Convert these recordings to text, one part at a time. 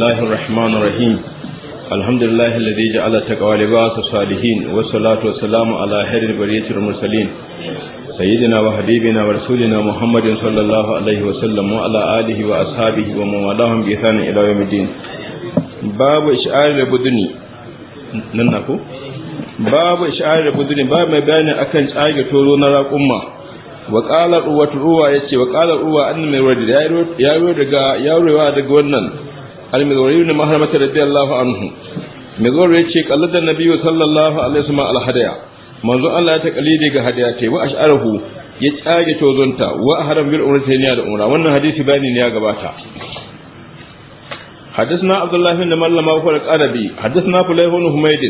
الله الرحمن الرحيم الحمد لله الذي جعل تقوى لباس الصالحين والصلاة والسلام على خير البرية المرسلين سيدنا وحبيبنا ورسولنا محمد صلى الله عليه وسلم وعلى آله وأصحابه ومن والاهم بإحسان إلى يوم الدين باب إشعار البدن ننكو باب إشعار البدن باب ما بين أكن شعار تولون راقمة وقال الروة الروة يتي وقال الروة أن من ورد يا روى daga wannan al-mizwari ibn mahramata radiyallahu anhu mizwari yace qalladan nabiyyu sallallahu alaihi wasallam al-hadaya manzo Allah ya taqalidi ga hadaya tai wa ash'arahu ya tsage tozonta wa haram bil umrata da umra wannan hadisi bani ne ya gabata حدثنا عبد الله بن ملم وهو القربي حدثنا فليح بن حميد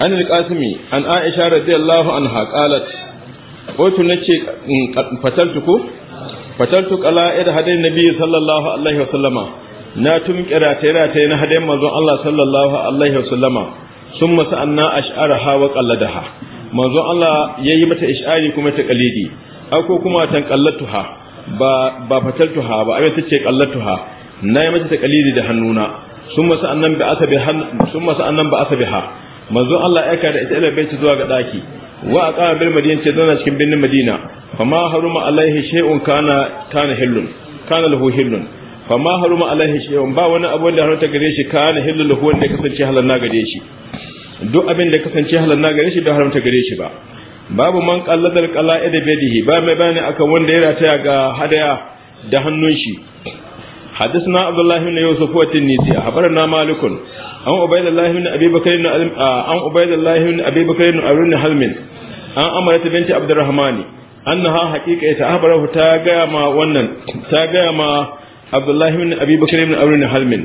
عن القاسمي عن عائشة رضي الله عنها قالت قلت نتشي فتلتك فتلتك على إرهاد النبي صلى الله عليه وسلم na tumƙi rataye-rataye na hadayen manzon Allah sallallahu alaihi wasallama sun masu anna ash'ara hawa ƙalladaha manzon Allah ya yi mata ish'ari kuma ta ƙalidi ako kuma tan ƙallatuha ba ba fataltuha ba abin ta ce ƙallatuha na yi mata ta ƙalidi da hannuna sun masu annan ba asabi ha masu annan ba asa manzon Allah ya da ita ila ta zuwa ga daki wa a kama bil madina ce zana cikin birnin madina fama haruma alaihi shay'un kana kana hillun kana lahu hillun Fa ma haruma alaihi shi'un ba wani abu wanda haruta gare shi kana hillu da huwan da ya kasance halal na gare shi duk abin da kasance halal na gare shi da haramta gare shi ba babu man kalladar kala da bedihi ba mai bani akan wanda ya rataya ga hadaya da hannun shi hadisna abdullahi ibn yusuf wa tinisi habarna malikun an ubaydullahi ibn abi bakr ibn ah, an ubaydullahi ibn abi bakr ibn arun halmin an amara ta binti abdurrahmani annaha haqiqa ta gaya ma wannan ta gaya ma عبد الله بن أبي بكر بن أمر بن حلم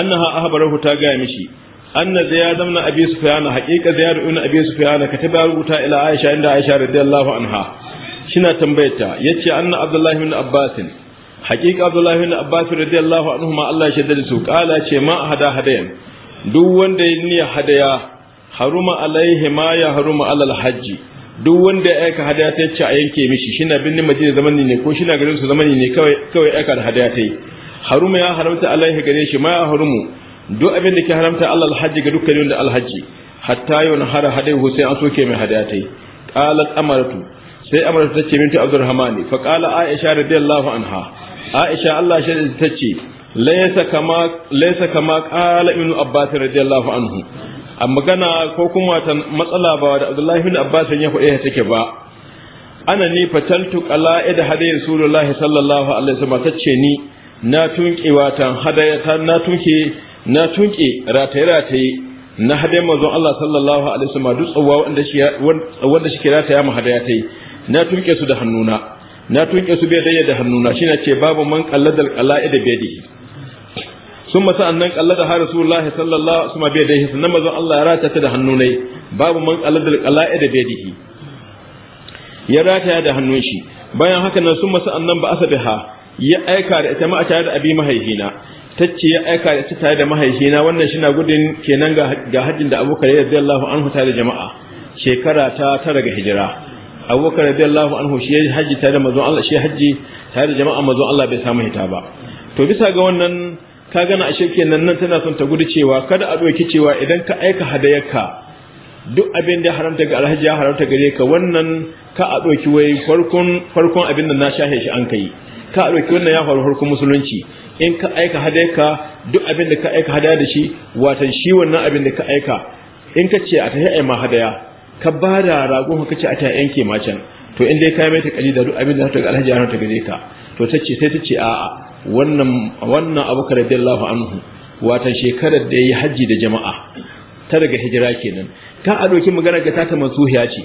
أنها أخبره تاجا مشي أن زياد بن أبي سفيان حقيقة زياد بن أبي سفيان كتب رغوتا إلى عائشة عند عائشة رضي الله عنها شنا تنبيتا يتي أن عبد الله بن عباس حقيقة عبد الله بن عباس رضي الله عنهما الله يشدد سو قال شي ما هدا هدين دو وند ني هديا حرم عليه ما يحرم على الحج duk wanda ya aika hadaya ta yace a yanke mishi na binne madina zamani ne ko na garin su zamani ne kawai kawai aika da hadaya ta yi haruma ya haramta alaihi gare shi ma ya harumu duk abin da ke haramta Allah alhaji ga dukkan wanda alhaji hatta yau na hara hadai sai an soke mai hadaya ta yi qalat amaratu sai amaratu ta ce Abdul abdurrahmani fa qala aisha radiyallahu anha aisha Allah shi ta ce laysa kama laysa kama qala ibn abbas radiyallahu anhu a magana ko kuma ta matsala ba da Abdullahi bin Abbas ya faɗe ta take ba ana ni fataltu qala'id hadayi Rasulullahi sallallahu alaihi wasallam tace ni na tunke watan hadayata na tunke na tunke rataye rataye na hadayen manzon Allah sallallahu alaihi wasallam duk tsawa wanda shi wanda shi kira ta ya mahadaya tai na tunke su da hannuna na tunke su bai da hannuna shine ce babu man qalladal qala'id da yadihi ثم سأنن قلدها رسول الله صلى الله عليه وسلم بيده سنما ذو الله راتا تد هنوني باب من قلد القلائد بيده da hannun shi. bayan haka nan sun masa annan ba asabiha ya aika da ita tare da abi mahaihina ce ya aika da ita tare da mahaihina wannan shi na gudun kenan ga hajjin da abubakar radiyallahu anhu tare da jama'a shekara ta tara ga hijira abubakar radiyallahu anhu shi hajji tare da mazon Allah shi hajji tare da jama'a mazon Allah bai samu hita ba to bisa ga wannan ka gana ashe kenan nan tana son ta gudu cewa kada a ɗauki cewa idan ka aika hadayarka duk abin da haramta ga alhaji ya haramta gare ka wannan ka a ɗauki wai farkon farkon abin da na shahe shi an kai ka a ɗauki wannan ya faru farkon musulunci in ka aika hadayarka duk abin da ka aika hadaya da shi watan shi wannan abin da ka aika in ka ce a tafi ai ma hadaya ka ba da ragon ka ce a ta yanke ma can to in dai ka mai ta da duk abin da ta ga alhaji ya haramta gare ka to ta ce sai ta ce a'a wannan wannan abu radiyallahu anhu watan shekarar da ya yi hajji da jama'a ta daga hijira kenan kan a doki magana ga tata mansuhiya ce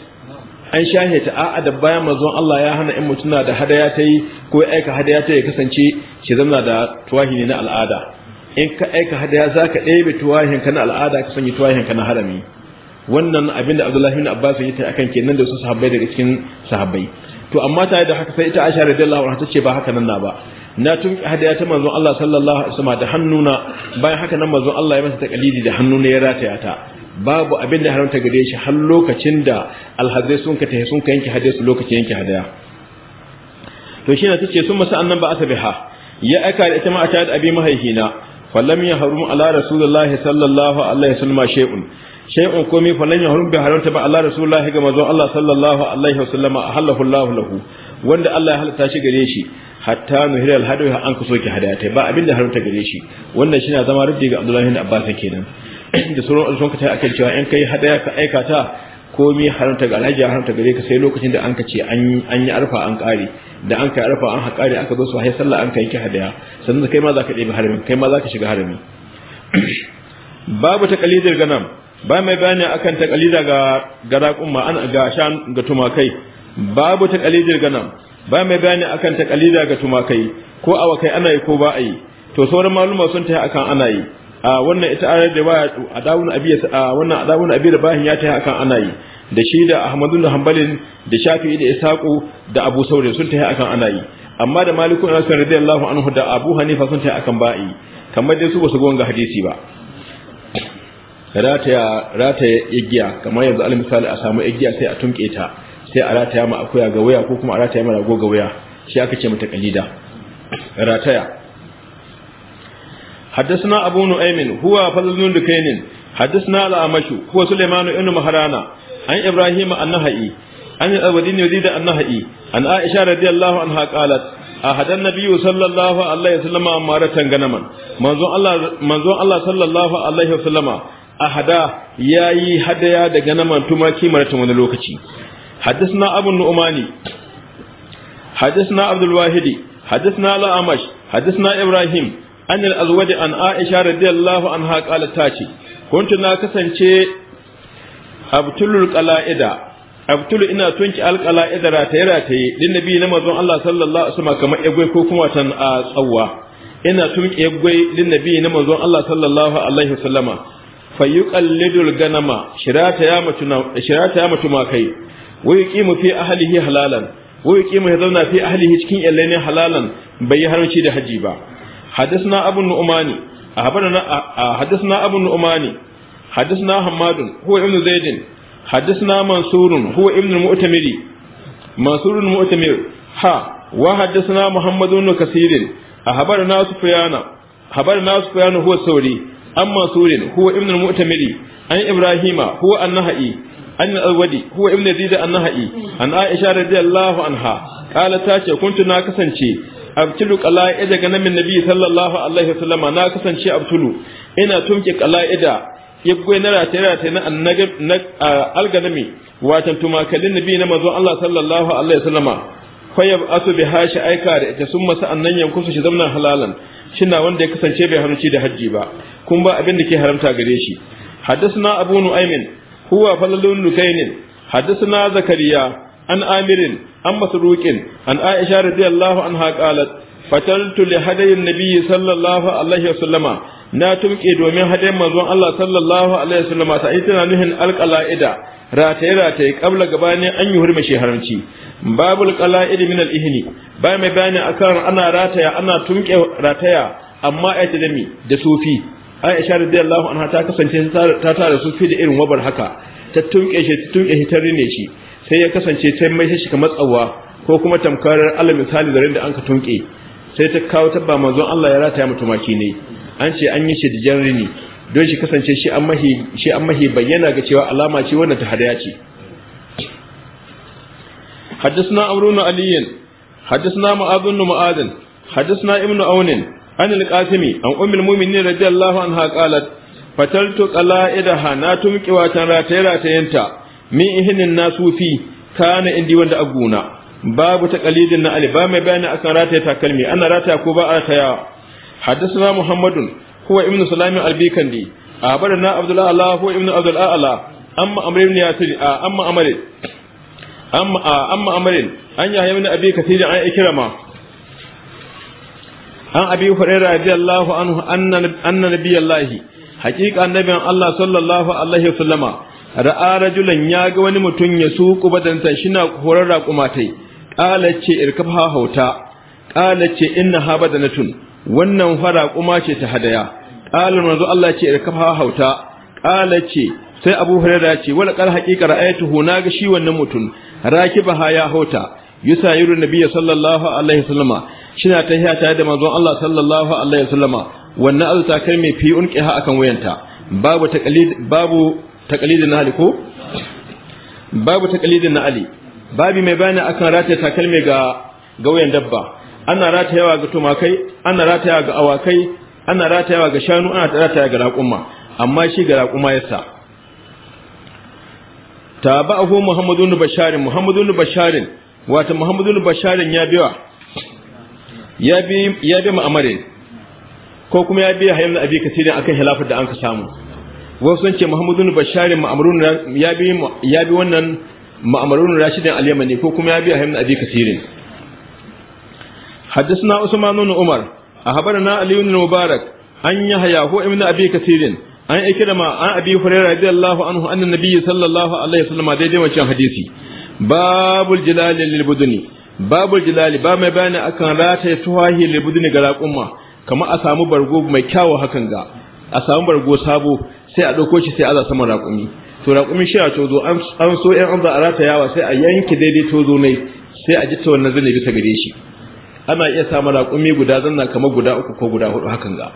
an shahe ta a da bayan mazon Allah ya hana in mutuna da hadaya ta yi ko ya aika hadaya ta ya kasance shi zama da tuwahini na al'ada in ka aika hadaya za ka ɗebe tuwahin ka na al'ada ka sanya tuwahin ka na harami wannan abinda da Abdullahi bin Abbas ya ta akan kenan da su sahabbai daga cikin sahabbai to amma yi da haka sai ita Aisha radiyallahu anha tace ba haka nan na ba na tun hadaya ta manzon Allah sallallahu alaihi wasallam da hannuna bayan haka nan manzon Allah ya masa taqlidi da hannuna ya rataya ta babu abin da haramta gare shi har lokacin da alhazai sun ka tahi sun ka yanke hadiya su lokacin yanke hadiya to shi ne tace sun masa annan ba ha, ya aika da ita ma a da abi mahaihina falam ya harumu ala rasulullahi sallallahu alaihi wasallam shay'un shay'un komi fa lan yahrum bi haramta ba Allah rasulullahi ga manzon Allah sallallahu alaihi wasallama ahallahu Allah lahu wanda Allah ya halatta shi gare shi hatta nuhira alhadu an ka soke hadaya ba abin da haramta gare shi wannan shi na zama rabbi ga Abdullah ibn Abbas kenan da sauran sun ka ta akan cewa in kai hadaya ka aika ta komi haramta ga alhaji haramta gare ka sai lokacin da an ka ce an yi arfa an kare da an kai arfa an haƙari aka zo su haye sallah an kai ki hadaya sannan kai ma za ka ɗebi harami kai ma za ka shiga harami babu taqlidil ganam ba mai bayani akan takalida ga ga raƙumma an ga shan ga tumakai babu takalidir gana. ba mai bayani akan takalida ga tumakai ko wakai ana yi ko ba a yi to sauran maluma sun ta akan ana yi a wannan ita ayar da ba a dawun abi a wannan a dawun abi da bahin ya ta akan ana yi da shi da ahmadu da hanbalin da shafi'i da Isaku da abu saurin sun ta akan ana yi amma da malikun anas radiyallahu anhu da abu hanifa sun ta akan ba'i kamar dai su ba su gonga hadisi ba rataya rataya igiya kamar yanzu alal misali a samu igiya sai a tunke ta sai a rataya ma akuya ga waya ko kuma a rataya ma rago ga waya shi aka ce mata kalida rataya haddathana abu nu'aymin huwa fadlun dukainin haddathana al-amashu huwa sulaiman ibn maharana an ibrahim an-nahai an al-wadin yuzid an-nahai an aisha radiyallahu anha qalat ahadan nabiyyu sallallahu alaihi wasallama amaratan ganaman manzo allah manzo allah sallallahu alaihi wasallama a hada ya yi hadaya daga na tumaki martin wani lokaci haddasna abun nu'umani haddasna abdulwahidi haddasna la'amash haddasna ibrahim an al'azwadi an aisha radiyallahu an haƙala ta ce na kasance abtulul qala'ida abtulu ina tunki alqala'ida rataye rataye din nabi na mazon allah sallallahu alaihi wasallam kamar ko kuma a tsawwa ina tunki yagwai din nabi na mazon allah sallallahu alaihi fayyuqallidul ganama shirata ya mutu makai. Wai mutuma mu wa yuqimu fi ahlihi halalan wa yuqimu ya zauna fi ahlihi cikin yallaini halalan bai yi haramci da haji ba hadisna abun nu'mani hadisna abu nu'mani hadisna hammadun huwa ibnu zaidin hadisna mansurun huwa ibnu mu'tamiri mansurun mu'tamir ha wa hadisna muhammadun kasirin أخبرنا سفيان أخبرنا سفيان huwa sauri. an masurin huwa ibn al-mu'tamili an ibrahima huwa an-nahai an al-wadi huwa ibn yazid an-nahai an aisha radiyallahu anha qala ce kuntu na kasance abtulu qala'ida ga namin nabi sallallahu alaihi na kasance ina tumke qala'ida yabgwe na rataye-rataye na annabi alganami watan tumakalin nabi na manzon Allah sallallahu alaihi wasallama fayab asu bi hashi aika da ita sun masa annan yankusu shi zamnan halalan shina wanda ya kasance bai haramci da hajji ba kun ba abin da ke haramta gare shi حدثنا أبو نعيم هو فلل لكين حدثنا زكريا عن آمر عن مسروق عن عائشة رضي الله عنها قالت فتلت لهدي النبي صلى الله عليه وسلم na tumke domin hadayen manzon Allah sallallahu alaihi wasallam sai tana nuhin alqalaida rataye rataye kabla gabanin an yi hurma shi haramci babul qalaid min al ba mai bayani kan ana rataya ana tumke rataya amma ya ce da mi da sufi Aisha radiyallahu anha ta kasance ta tara sufi da irin wabar haka ta tumke shi ta tumke shi ta rine shi sai ya kasance ta mai shi kamar tsawa ko kuma tamkarar Allah misali da da an ka tumke sai ta kawo tabba manzon Allah ya rataya mu tumaki ne an ce an yi shi da jarrini don shi kasance shi an mahi shi an mahi bayyana ga cewa alama ce wannan ta hadaya ce حدثنا عمرو بن علي حدثنا معاذ بن معاذ حدثنا ابن عون عن القاسم عن ام المؤمنين رضي الله عنها قالت فتلت قلائدها ناتم قواتا راتي راتينتا من إهن الناس في كان عندي وند أبونا باب تقليد النعل با ما بيان أكن راتي تكلمي أنا راتي أكو با حدثنا محمد هو ابن سلام البيكندي أخبرنا عبد الله هو ابن عبد الله أما أمر بن ياسر أما أمر amma amarin an ya yahya min abi kathir an ikrama an abi hurairah radiyallahu anhu anna anna nabiyallahi haqiqa annabin Allah sallallahu alaihi wasallama ra'a rajulan ga wani mutum ya suku badanta shina horar raqumatai qala ce irkabha hauta qala ce inna habadanatun wannan fara kuma ce ta hadaya qala wanzu Allah ce irkabha hauta qala sai Abu Hurairah ce wala qal haqiqa ra'aytuhu naga shi wannan mutum rakibaha ya hota yusayiru nabiyyi sallallahu alaihi wasallama shina ta hiya tare da manzon Allah sallallahu alaihi wasallama wannan alta kai mai fi unqiha akan wayanta babu taqlid babu taqlidin na ali ko babu taqlidin na ali babi mai bani akan rataya takalmi ga ga wayan dabba ana ratayawa ga tumakai ana ratayawa ga awakai ana ratayawa ga shanu ana ratayawa ga raƙuma amma shi ga raƙuma yasa tabahu muhammadu ibn bashar muhammadu ibn bashar wato muhammadu ibn bashar ya biwa ya bi ya bi ma'amarin ko kuma ya bi Hayyan abi kasirin akan hilafar da an ka samu wasu sun ce muhammadu ibn bashar ma'amrun ya bi ya bi wannan ma'amrun rashidin al-yamani ko kuma ya bi Hayyan abi kasirin حدثنا عثمان بن عمر أخبرنا علي بن المبارك أن يحيى هو ابن أبي كثير an ikrama an abi hurairah radiyallahu anhu anna nabiyyi sallallahu alaihi wasallam daidai wancan hadisi babul jilal lil buduni babul jilal ba mai bayani akan rataye tuwahi lil buduni ga raƙumma kamar a samu bargo mai kyawu hakan ga a samu bargo sabo sai a dauko shi sai aza sama raƙumi to raƙumi shi a tozo an so yan an za a ratayawa sai a yanke daidai tozo ne sai a jita wannan zane bisa gare shi ana iya samu raƙumi guda zanna kamar guda uku ko guda hudu hakan ga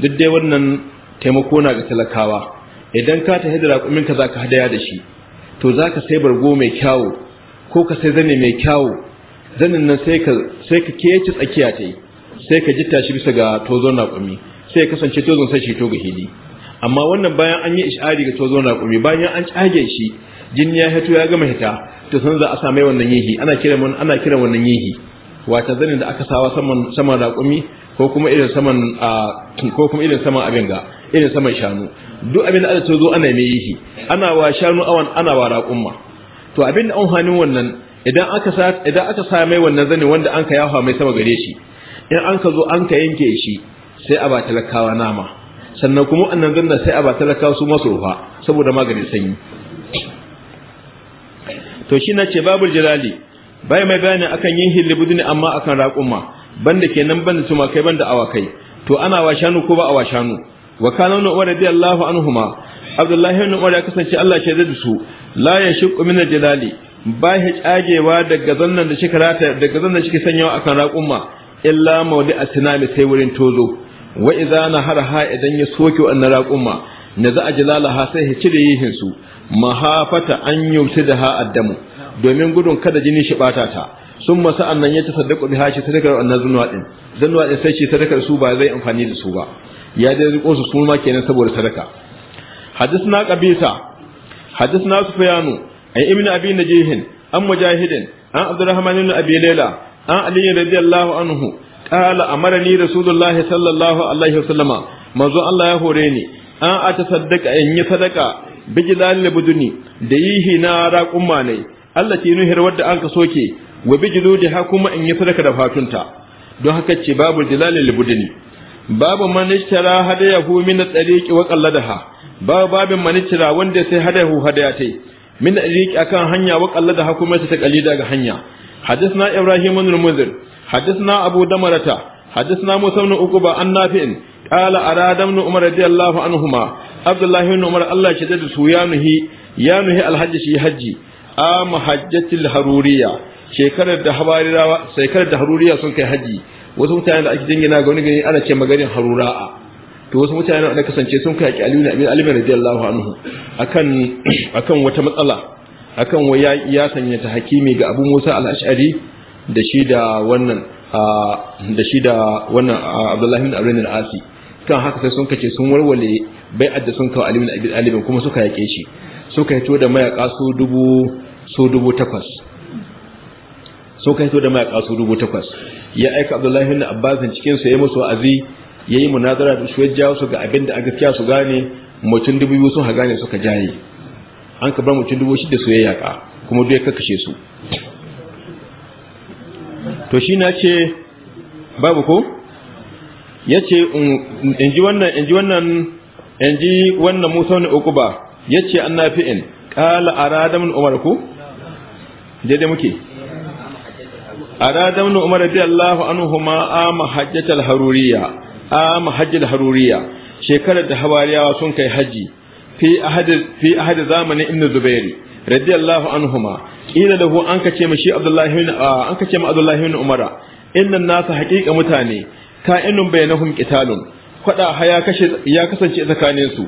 duk dai wannan taimako na ga talakawa idan ka tafi da za ka zaka hadaya da shi to za ka sai bargo mai kyawu ko ka sai zane mai kyawu zanen nan sai ka ke ka tsakiya ta yi sai ka jitta shi bisa ga tozon raƙumi sai ya kasance tozon sai shi to ga hili amma wannan bayan an yi ishari ga tozon raƙumi bayan an cage shi jini ya hito ya gama hita to san za a same wannan yihi ana kiran wannan ana wannan yihi wata zanen da aka sawa saman saman raƙumi ko kuma irin saman ah, ko kuma irin saman abin ga irin saman shanu duk abin da aka zo ana mai yi ana wa shanu awan ana wa raƙumma to abin da an hanin wannan idan aka sa idan aka sa mai wannan zani wanda an ka yawa mai sama gare shi in an ka zo an ka yanke shi sai a ba talakawa nama sannan kuma annan zanna sai a ba talakawa su masu rufa saboda maganin sanyi to shi na ce babul jalali bai mai bayani akan yin hillibudini amma akan raƙumma banda kenan banda tumakai banda awakai to ana wa shanu ko ba a wa shanu wa kana da umar radiyallahu anhuma abdullahi ibn umar ya kasance Allah shi da su la yashqu min al-jilali ba shi tsagewa daga zannan da shi karata daga zannan shi sanyawa akan raƙumma illa mawdi sinami sai wurin tozo wa idza ha idan ya soke wannan raƙumma na za a jilalaha sai ya cire yihin su mahafata an yauti da ha addamu domin gudun kada jini shi bata ta sun masa annan ya tasaddaku biha shi sadakar wannan din zunuwa din sai shi sadakar su ba zai amfani da su ba ya dai riko su su ma kenan saboda sadaka hadisna qabisa hadisna sufyanu ay ibn abi najih an mujahidin an abdurrahman ibn abi layla an ali radiyallahu anhu qala amarani rasulullahi sallallahu alaihi wasallama manzo Allah ya hore ni an atasaddaka in yi sadaka bijilal labuduni da yihi na raqumma ne Allah ke nuhir wadda an ka soke wa bijiludi ha kuma in yi sadaka da fatunta don haka ce babu dilal buduni babu man ishtara hadayahu min at-tariqi wa qalladaha babu babin manishtara wanda sai hadayahu hadayatai min at-tariqi akan hanya wa qalladaha kuma ta kalida ga hanya حدثنا إبراهيم بن المنذر حدثنا أبو دمرة حدثنا موسى بن عقبة عن نافع قال أراد ابن عمر رضي الله عنهما عبد الله بن عمر الله ya nuhi يانه الحج شي hajji. آم حجة الحرورية shekarar da habarirawa shekarar da haruriya sun kai haji wasu mutane da ake jingina ga wani gani ana ce maganin harura'a to wasu mutane da kasance sun kai aliyu na abin alimin radiyallahu anhu akan akan wata matsala akan waya ya sanya ta hakimi ga abu musa al-ash'ari da shi da wannan da shi da wannan abdullahi bin abdul al-asi kan haka sai sun kace sun warware bai adda sun kawo alimin abin alimin kuma suka yake shi suka hito da mayaka su dubu su dubu takwas suka hito da mayaka su dubu takwas ya aika abdullahi bin abbas cikin sa ya musu wa'azi yayi munazara da su jawo su ga abin da a gaskiya su gane mutun dubu biyu sun ha gane suka jaye an ka bar mutun dubu shida su ya yaka kuma duk ka kashe su to shi na ce babu ko ya ce in ji wannan in ji wannan in ji wannan musa ne uku ba ya ce an nafi'in ƙala a radamin umar ku muke أراد ابن عمر رضي الله عنهما آم حجة الحرورية آم حج الحرورية شكرة حواريا وسن كي حجي في أحد في أحد زمن ابن الزبير رضي الله عنهما قيل له أنك تمشي عبد الله بن آه أنك تم عبد الله بن عمر إن الناس حقيقة متاني كائن بينهم قتال kwada haya kashe ya kasance tsakanin su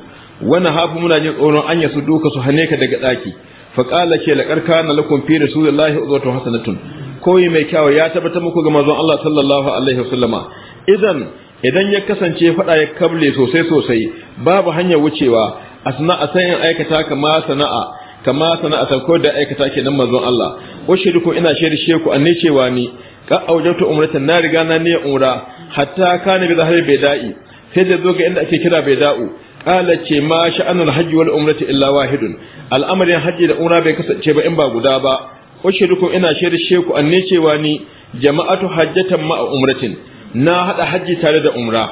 wani hafu muna jin tsoron anya su duka su hane ka daga daki fa qala ke la karkana lakum fi rasulillahi uzwatun hasanatun koyi mai kyau ya tabbata muku ga manzon Allah sallallahu alaihi wasallama idan idan ya kasance faɗa ya kable sosai sosai babu hanyar wucewa sana'a sai sayin aikata kama sana'a kama sana'a ta ko da aikata ke nan manzon Allah ushiriku ina shairishe ku ne cewa ni ka aujatu umratan na riga na ne umra hatta kana bi zahir da'i sai da zo ga inda ake kira bai bida'u qala ce ma sha'anul hajji wal umrati illa wahidun al'amarin hajji da umra bai kasance ba in ba guda ba ushirukum ina sheku, ku anne cewa ni jama'atu hajjatan ma'a umratin na hada hajji tare da umra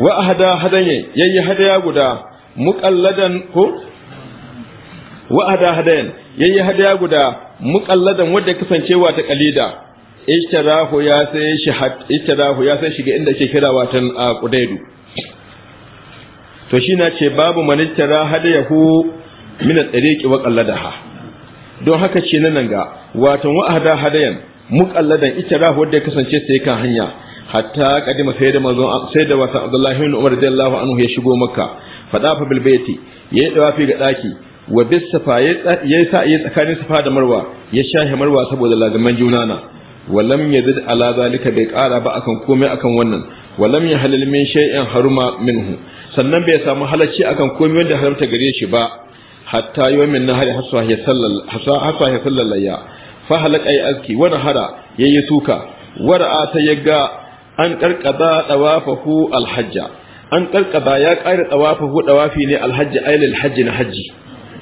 wa ahada hadanye yayi hadaya guda muqalladan ko wa ahada hadayan yayi hadaya guda muqalladan wanda kasancewa ta qalida ishtarahu ya sai shi ishtarahu ya sai shiga inda ke kira watan qudaidu to shi na ce babu manittara hadayahu min at-tariqi wa qalladaha don haka ce na nan ga watan wa ahda hadayan muqalladan ita rahu wadda ya kasance sai kan hanya hatta kadima sai da manzon sai da wata Abdullahi ibn Umar radiyallahu anhu ya shigo Makka fa bil baiti yayi dawafi ga daki wa bis safa yayi sa yayi tsakanin safa da Marwa ya shahe Marwa saboda lazaman juna na walam yadid ala zalika bai kara ba akan komai akan wannan walam yahlil min shay'in haruma minhu sannan bai samu halacci akan komai wanda haramta gare shi ba hatta na hari hasa ya sallallayya fa halaka ya aski wani hara ya yi suka wara'a ta yaga an karkada dawafahu alhajja an karkada ya kare dawafahu dawafi ne alhajji ailil hajji na hajji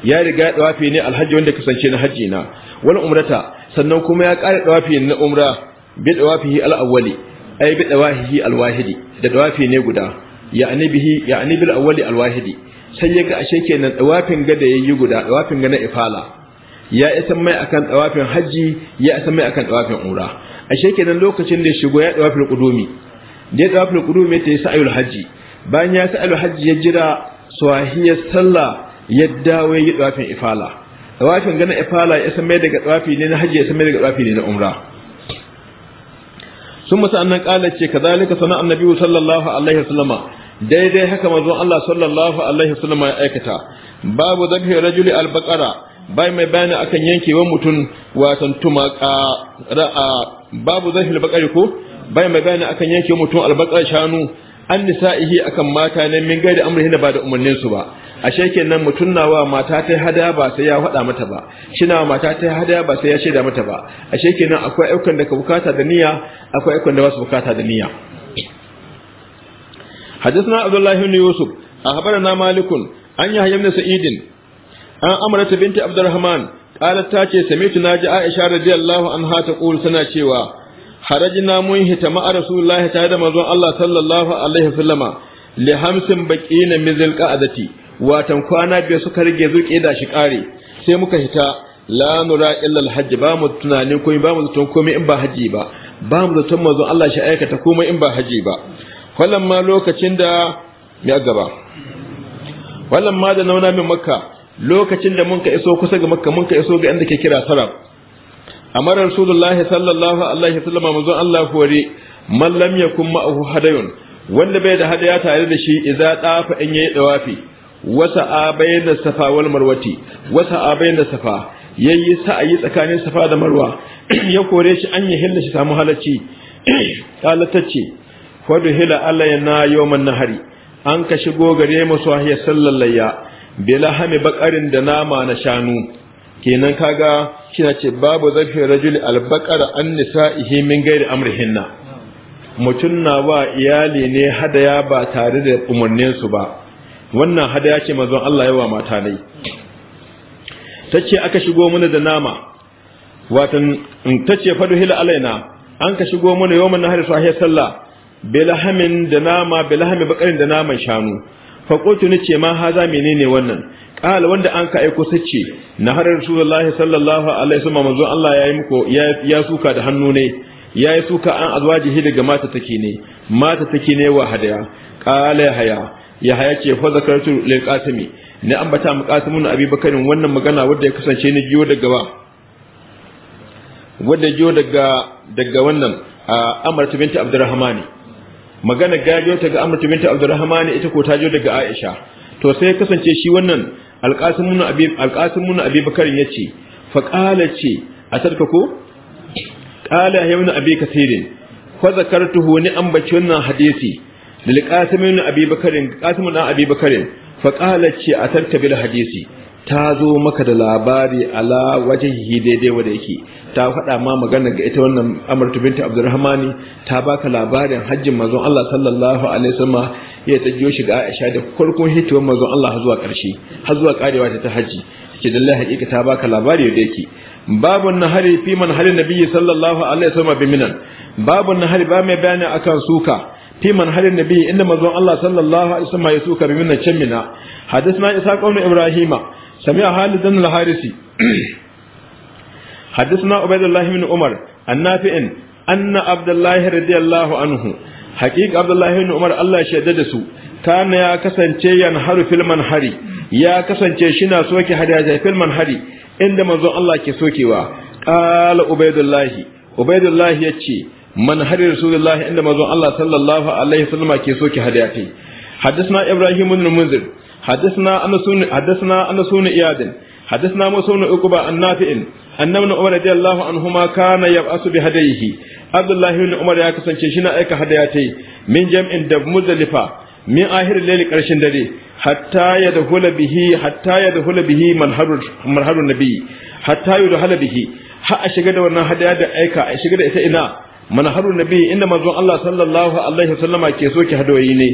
ya riga dawafi ne alhajji wanda kasance na hajji na wani umrata sannan kuma ya kare dawafi na umra bi dawafihi alawwali ay bi dawafihi alwahidi da dawafi ne guda ya'ni bihi ya'ni bil awwali alwahidi sai ya ga ashe kenan dawafin gada da yayi guda dawafin ga na ifala ya isa mai akan dawafin haji ya isa mai akan dawafin umra ashe kenan lokacin da ya shigo ya dawafin qudumi da ya dawafin qudumi ta yasa ayul haji bayan ya sa ayul haji ya jira swahiyar sallah ya dawo ya dawafin ifala dawafin ga na ifala ya isa mai daga dawafi ne na haji ya isa mai daga dawafi ne na umra ثم سألنا قال كذلك صنع النبي صلى الله عليه وسلم daidai haka mazo Allah sallallahu alaihi wasallam ya aikata babu zakhir rajul albaqara bai mai bayani akan wa mutum watan tumaka ra'a babu zakhir albaqari ko bai mai bayani akan yankewan mutum al-baqara shanu an nisa'ihi akan mata ne min gaida amrihi da ba da umurnin su ba ashe kenan mutun nawa mata ta hada ba sai ya fada mata ba shina mata ta hada ba sai ya sheda mata ba ashe kenan akwai ayyukan da ka bukata da niyya akwai ayyukan da ba su bukata da niyya حدثنا عبد الله بن يوسف أخبرنا مالك أن يحيى بن سعيد أن أمرت بنت عبد الرحمن قالت تاتي سمعت ناجي عائشة رضي الله عنها تقول سنة شيوا خرجنا منهت مع رسول الله تعالى مزون الله صلى الله عليه وسلم لخمس بقين من ذي القعدة watan kwana biyar suka rage zuke da shi kare sai muka hita la nura illa alhajj ba mu tunanin komai ba mu zaton komai in ba haji ba ba mu zaton manzon Allah shi aikata komai in ba haji ba ma lokacin da ya gaba ma da nauna min makka lokacin da mun ka iso kusa ga makka mun ka iso ga inda ke kira sarab amar rasulullahi sallallahu alaihi wasallam manzon Allah kuwari man lam yakun ma'ahu hadayun wanda bai da hadaya tare da shi idza dafa in yayi dawafi wasa abayin da safa wal marwati wasa abayin da safa yayi sa'ayi tsakanin safa da marwa ya kore shi an yi hilla shi samu halacci talatacce faduhila alayna yawman nahari an ka shigo gare mu sahiya sallallayya bilahami bakarin da nama na shanu kenan kaga kina ce babu zafi rajul albaqara an nisa'ihi min gairi amrihinna mutun na ba iyali ne hadaya ba tare da umurnin su ba wannan hadaya ce manzon Allah yawa mata ne tace aka shigo mana da nama watan tace fadu hila alaina an ka shigo mana yawman nahari sahiya sallah bilhamin da nama bilhamin bakarin da naman shanu fa qultu ce ma haza menene wannan qala wanda an ka aiko sace na har rasulullahi sallallahu alaihi wasallam manzo Allah yayi muku ya suka da hannu ne yayi suka an azwajihi daga mata take ne mata take ne wa hadaya qala haya ya haya ce fa zakartu lil qasimi ne ambata mu qasimun abubakarin wannan magana wanda ya kasance ni jiyo daga ba wanda biyo daga daga wannan amartu binti abdurrahmani magana gajiyo ta ga amrata binta abdurrahman ita ko ta jo daga aisha to sai ya kasance shi wannan alqasim muna abi alqasim ibn abi bakar fa qala ce a sarka ko ya ibn abi kasirin zakar tuho ni ambaci wannan hadisi da qasim ibn abi bakarin faƙala fa ce a sarka bil hadisi ta zo maka da labari ala wajahi daidai wanda yake ta faɗa ma magana ga ita wannan amurta binta Abdurrahmani ta baka labarin hajjin mazon Allah sallallahu alaihi wasallam ya ta giyo shiga ga Aisha da farkon hitowar manzon Allah zuwa ƙarshe har zuwa ƙarewa ta hajji ce lallai hakika ta baka labari da yake babun hari fi man na biyu sallallahu alaihi wasallam bi minan babun hari ba mai bayani akan suka في منهل النبي إنما ذو الله صلى الله عليه suka يسوك بمنا شمنا حدثنا إسحاق بن إبراهيم سمع خالد بن الحارثي حدثنا عبيد الله بن عمر النافع أن عبد الله رضي الله عنه حقيق عبد الله بن عمر الله شدد سو كان يا كسنچه ينهر في المنهري يا كسنچه شنا سوكي حداجه في المنهري عند منزو الله كي سوكيوا قال عبيد الله عبيد الله يچي منهر رسول الله عند منزو الله صلى الله عليه وسلم كي سوكي حداجه حدثنا ابراهيم بن المنذر حدثنا أنس حدثنا أنس بن إياد حدثنا موسى بن عقبة عن نافع أن ابن عمر رضي الله عنهما كان يبعث بهديه عبد الله بن عمر يا كسن شينا أيك هدياتي من جمع دب مزدلفة من آخر الليل قرشن دري حتى يدخل به حتى يدخل به منهر منهر النبي حتى يدخل به har a shiga da wannan hadaya da aika a shiga da ita ina manharun nabi inda manzon Allah sallallahu alaihi wasallama ke soke hadawayi ne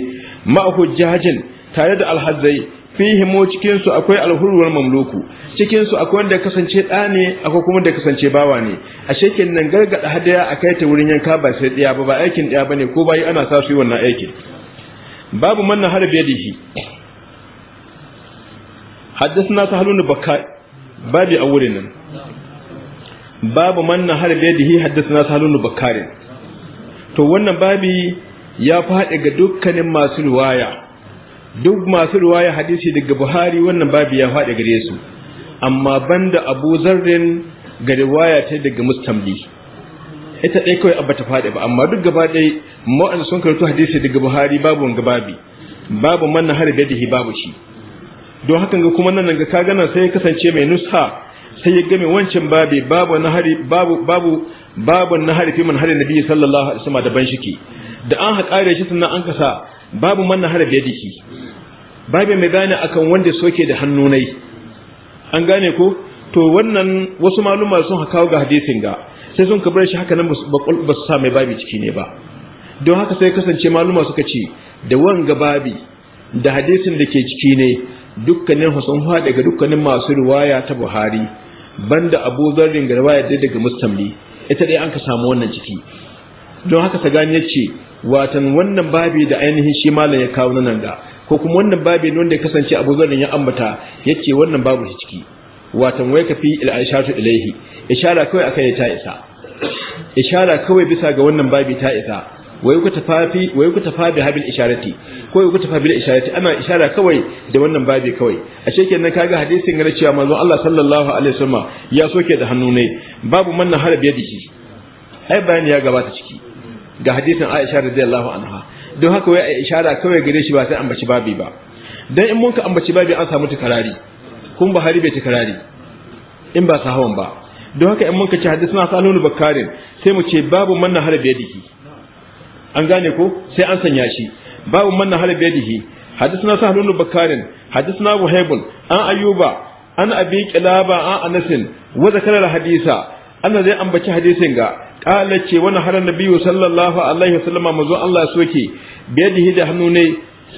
ma'ahu jahajin tare da alhazzai mu cikin su akwai alhurwar mamluku cikin su akwai wanda kasance da ne akwai kuma da kasance bawa ne a shekin nan gargada hadaya akai ta wurin yanka ba sai diya ba ba aikin diya bane ko bai ana sa su yi wannan aikin babu man na harbe dihi sahlun bakka بن بكار باب أولنا babu man nahar biyadihi haddathana sahlun bakarin to wannan babi ya faɗi ga dukkanin masu riwaya duk masu ruwaya hadisi daga buhari wannan babu ya faɗi gare su amma banda abu zarrin ga riwaya ta daga mustambi ita ɗai kawai abata faɗi ba amma duk gaba ɗaya ma'an sun karatu hadisi daga buhari babu wanga babi babu manna har da dahi babu shi don hakan ga kuma nan ga gana sai ya kasance mai nusa, sai ya game wancan babi babu nahari babu babu babu nahari fi man hari nabi sallallahu alaihi wasallam da ban shiki da an haƙare shi sannan an kasa babu man nahara biyadihi babu mai bayani akan wanda soke da hannunai an gane ko to wannan wasu maluma sun hakawo ga hadisin ga sai sun kabar shi haka nan ba su sa mai babi ciki ne ba don haka sai kasance maluma suka ce da wanga babi da hadisin da ke ciki ne dukkanin hasan haɗe ga dukkanin masu riwaya ta buhari banda abu zarrin garwaya daga mustamli ita dai an ka samu wannan ciki don haka ta gane ce watan wannan babi da ainihin shi malam ya kawo nan ga ko kuma wannan babi ne wanda ya kasance Abu Dharr ya ambata yace wannan babu shi ciki watan wai kafi il aishatu ilaihi ishara kawai ya ta isa ishara kawai bisa ga wannan babi ta isa wai ku tafafi wai ku tafabi habil isharati ko ku tafabi isharati ana ishara kawai da wannan babi kawai ashe kenan kaga hadisin ga cewa manzo Allah sallallahu alaihi wasallam ya soke da hannu ne babu manna harbi yadi ai bayani ya gabata ciki ga hadisin Aisha radiyallahu anha don haka wai a ishara kawai gare shi ba sai ambaci babi ba dan in mun ka ambaci babi an samu tukarari kun Buhari bai tukarari in ba sahawan ba don haka in mun ka ci hadisuna nuna bakarin sai mu ce babu manna harbe dihi an gane ko sai an sanya shi babu manna harbe dihi hadisuna salonu bakarin hadisuna buhaibun an ayyuba an abi qilaba an anasin wa zakara hadisa Ana zai ambaci hadisin ga kala ce wani har biyu sallallahu alaihi wasallam manzo Allah soke biyadihi da hannu ne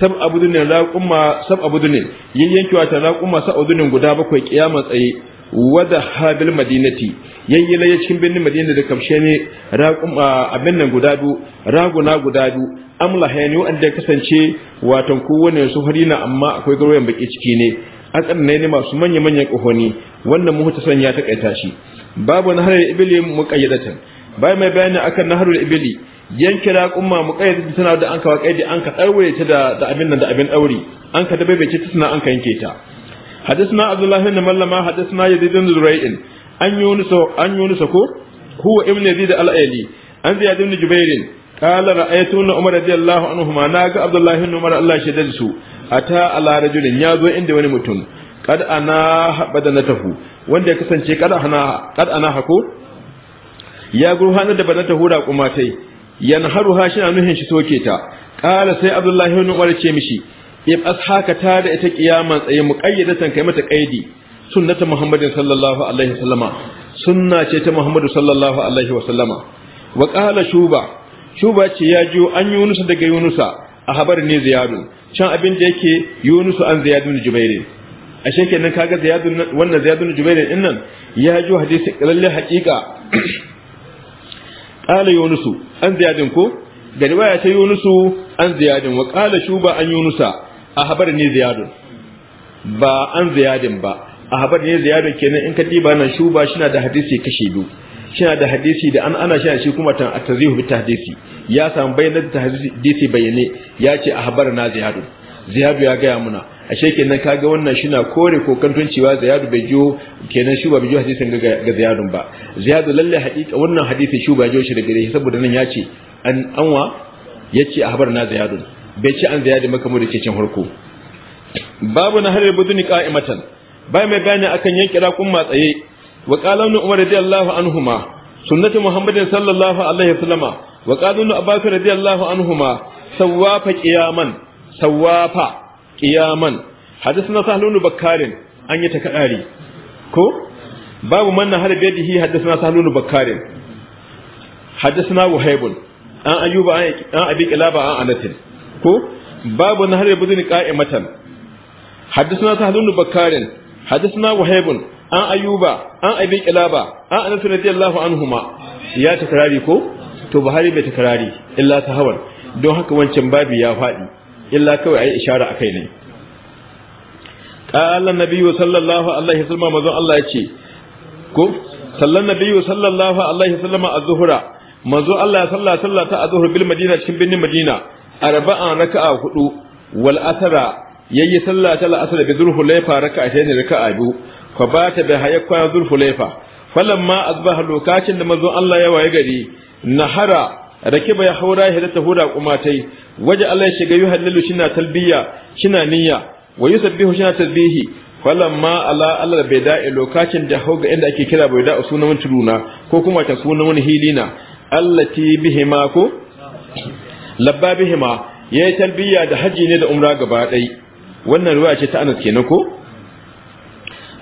sab abudunin raquma sab abudunin yayyankewa ta raquma sab abudunin guda bakwai kiyama tsaye wada habil madinati yayyila ya cikin birnin madina da kamshe ne raquma abin nan guda biyu raguna guda biyu amla hayani wanda ya kasance watan kowane su harina amma akwai garwayan baki ciki ne akan ne masu manya manyan kohoni wannan mu ta sanya ta kaita shi babu na harar ibili muqayyadatan bai mai bayani akan naharul ibili yanke raƙumma mu kayyade tana da an kawa kaidi an ka daure ta da abin nan da abin daure an ka da dabe ce tana an ka yanke ta hadisna Abdullahi ibn mallama hadisna yazid ibn zurai'in an yunus an yunus ko huwa ibn yazid al-aili an ziyad ibn jubair qala ra'aytu anna umar radiyallahu anhu ma naga abdullah ibn umar Allah shi da su ata ala rajulin zo inda wani mutum kad ana tafu wanda ya kasance kad ana kad ana hako ya gurhanar da banata hura kumatai yanharu ha shi na nuhin shi soke ta qala sai abdullahi ibn umar ce mishi ib ashaka ta da ita kiyama tsaye mu muqayyadatan kai mata qaidi sunnata muhammadin sallallahu alaihi wasallama sunna ce ta muhammadu sallallahu alaihi wasallama wa qala shuba shuba ce ya jiyo an yunusa daga yunusa a habar ne ziyadun can abin da yake yunusu an ziyadun A ashe kenan kaga ziyadun wannan ziyadun jubairin din nan ya jiyo hadisi lalle haƙiƙa qala yunusu an ziyadin ko da riwaya ta yunusu an ziyadin wa qala shuba an yunusa a habar ne ziyadun ba an ziyadin ba A habar ne ziyadun kenan in ka diba nan shuba shina da hadisi kashe biyu shina da hadisi da an ana shina shi kuma tan atazihu bi tahdisi ya samu bayyana da hadisi bayyane ya ce a habar na ziyadun ziyadu ya gaya muna ashe kenan kaga wannan shi na kore ko kanton cewa ziyadu bai jiyo kenan shuba ba bai jiyo hadisin ga ziyadun ba ziyadu lalle haƙiƙa wannan hadisi shi ba jiyo shi da gare shi saboda nan yace an anwa yace habar na ziyadun bai ce an ziyadi maka mu da ke cin harko babu na harir buduni qa'imatan bai mai gane akan yanki rakun matsaye wa qala ibn umar radiyallahu anhuma sunnatu muhammadin sallallahu alaihi wasallama wa qala ibn abbas radiyallahu anhuma sawafa qiyaman sawafa qiyaman hadithna sahlun bakkarin an yi takadari ko babu manna hal bihi yadihi hadithna sahlun bakkarin hadithna wahaybun an ayyuba an abi qilaba an anatin ko babu nahar budun qa'imatan hadithna sahlun bakkarin hadithna wahaybun an ayyuba an abi qilaba an anas radiyallahu anhuma ya takrari ko to buhari bai takrari illa ta don haka wancan babu ya fadi illa kawai ayi ishara a kai ne na nabiyyu sallallahu alaihi wasallam manzon Allah ya ce ko na nabiyyu sallallahu alaihi wasallam az-zuhra manzon Allah ya alaihi wasallam ta az-zuhr bil madina cikin birnin madina arba'a raka'a hudu wal asra yayi sallah ta al-asr bi dhulhulayfa raka'a ta ne raka'a biyu fa bata bi laifa. Falon ma asbaha lokacin da manzon Allah ya waye gari nahara rakiba ya haura ya ta hura kumatai waje Allah ya shiga yuhallilu shina talbiya shina niyya wa yusabbihu shina tasbihi falamma ala Allah bai da'i lokacin da hauga inda ake kira bai da'u sunan wani turuna ko kuma ta sunan wani hilina allati bihima ko labba bihima yayi talbiya da haji ne da umra gaba dai wannan ruwa ce ta Anas kenan ko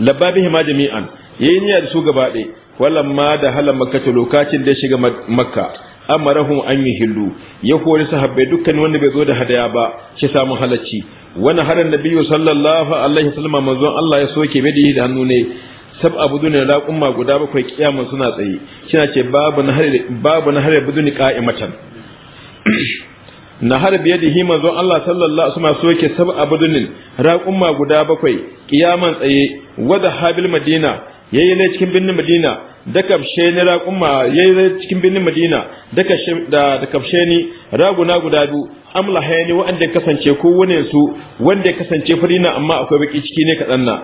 labba bihima jami'an yayi niyya da su gaba dai falamma da halan makka lokacin da ya shiga makka amarahum an yihillu ya hori sahabbai dukkan wanda bai zo da hadaya ba shi samu halacci wani haran nabiyyu sallallahu alaihi wasallam manzon Allah ya soke bai da hannu ne sab abudun la umma guda bakwai kiyama suna tsaye kina ce babu na hari babu na hari buduni qa'imatan na har biye da himan zon Allah sallallahu alaihi wasallam soke sab abudunin raqumma guda bakwai kiyaman tsaye wada habil madina yayi ne cikin birnin Madina da kafshe ni raquma yayi ne cikin birnin Madina da kafshe da kafshe ni raguna guda biyu amla hayani wanda kasance ko wane su wanda kasance farina amma akwai baki ciki ne kadan na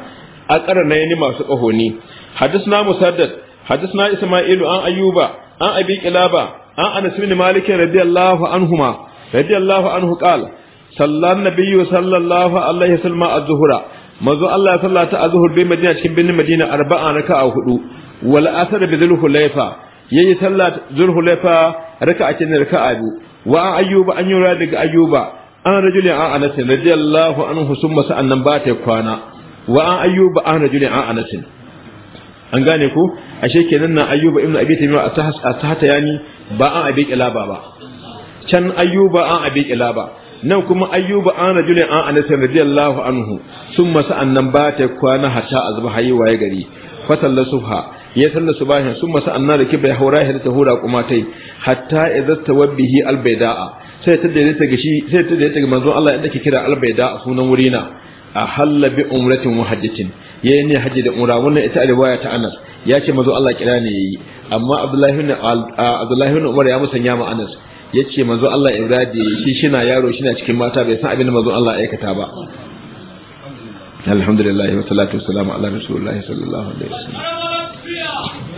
a karana yani masu kahoni hadisna musaddad hadisna isma'ilu an ayyuba an abi kilaba an anas bin malik radiyallahu anhuma radiyallahu anhu qala sallan nabiyyu sallallahu alaihi wasallam az-zuhra manzo Allah ya sallata azhur bai madina cikin birnin madina arba'a na ka'a hudu wal asr bi dhul hulayfa yayi sallat dhul hulayfa raka'a cikin raka'a biyu wa ayyuba an yura daga ayyuba an rajuli an anas radiyallahu anhu summa sa'annan ba ta kwana wa an ayyuba an rajuli an anas an gane ku? ashe kenan na ayyuba ibnu abi tamiya atahata yani ba an abi kilaba ba can ayyuba an abi kilaba nan kuma ayyuba an rajulin an anas radiyallahu anhu sun masa annan ba ta kwana hatta azba hayi waye gari fa sallasuha ya sallasu bahin sun masa annan da kibai haura ya ta hura kumatai hatta idza tawabbihi albaida'a sai ta daidaita ga shi sai ta daidaita ga manzon Allah yadda ke kira albaida'a sunan wurina a halla bi umratin wa hajjatin yayi ne haji da umra wannan ita riwaya ta Anas ya ce mazo Allah kira ne yayi amma Abdullahi ibn Abdullahi ibn Umar ya musanya ma Anas yace mazu Allah ibradi shi shina yaro shina cikin mata bai san abin da mazu Allah aikata ba alhamdulillah wa salatu wassalamu ala rasulillahi sallallahu alaihi wasallam